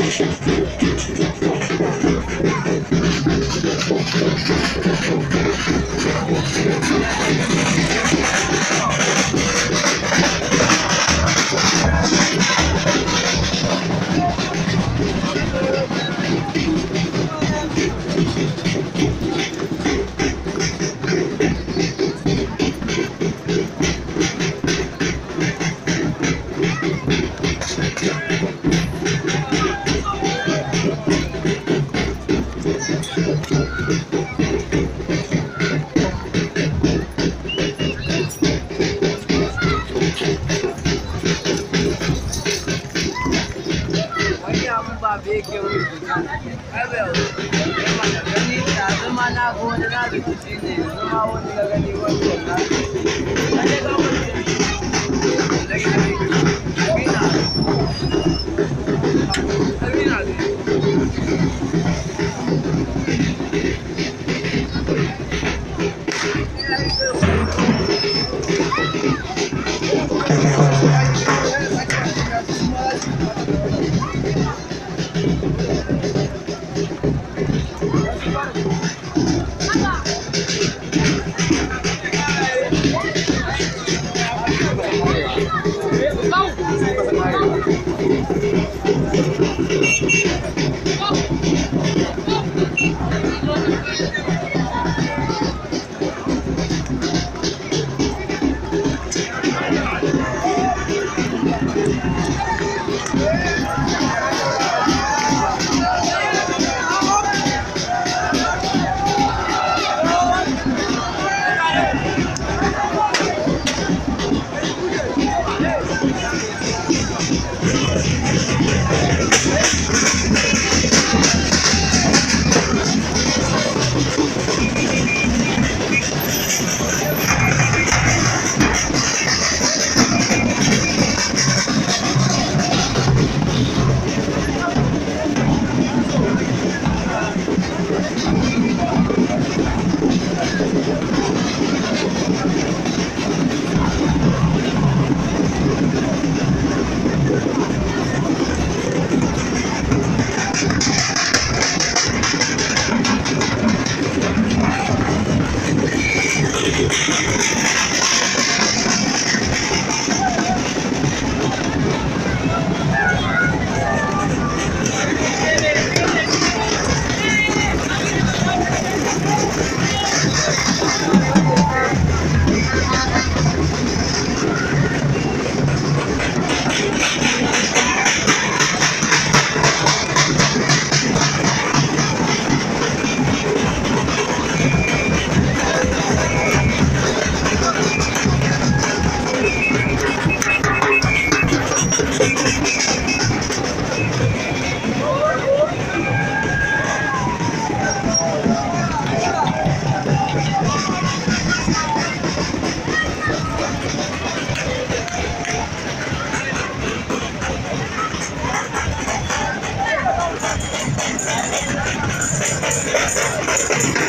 I'm gonna go get some more stuff. I will.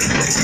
Thank you.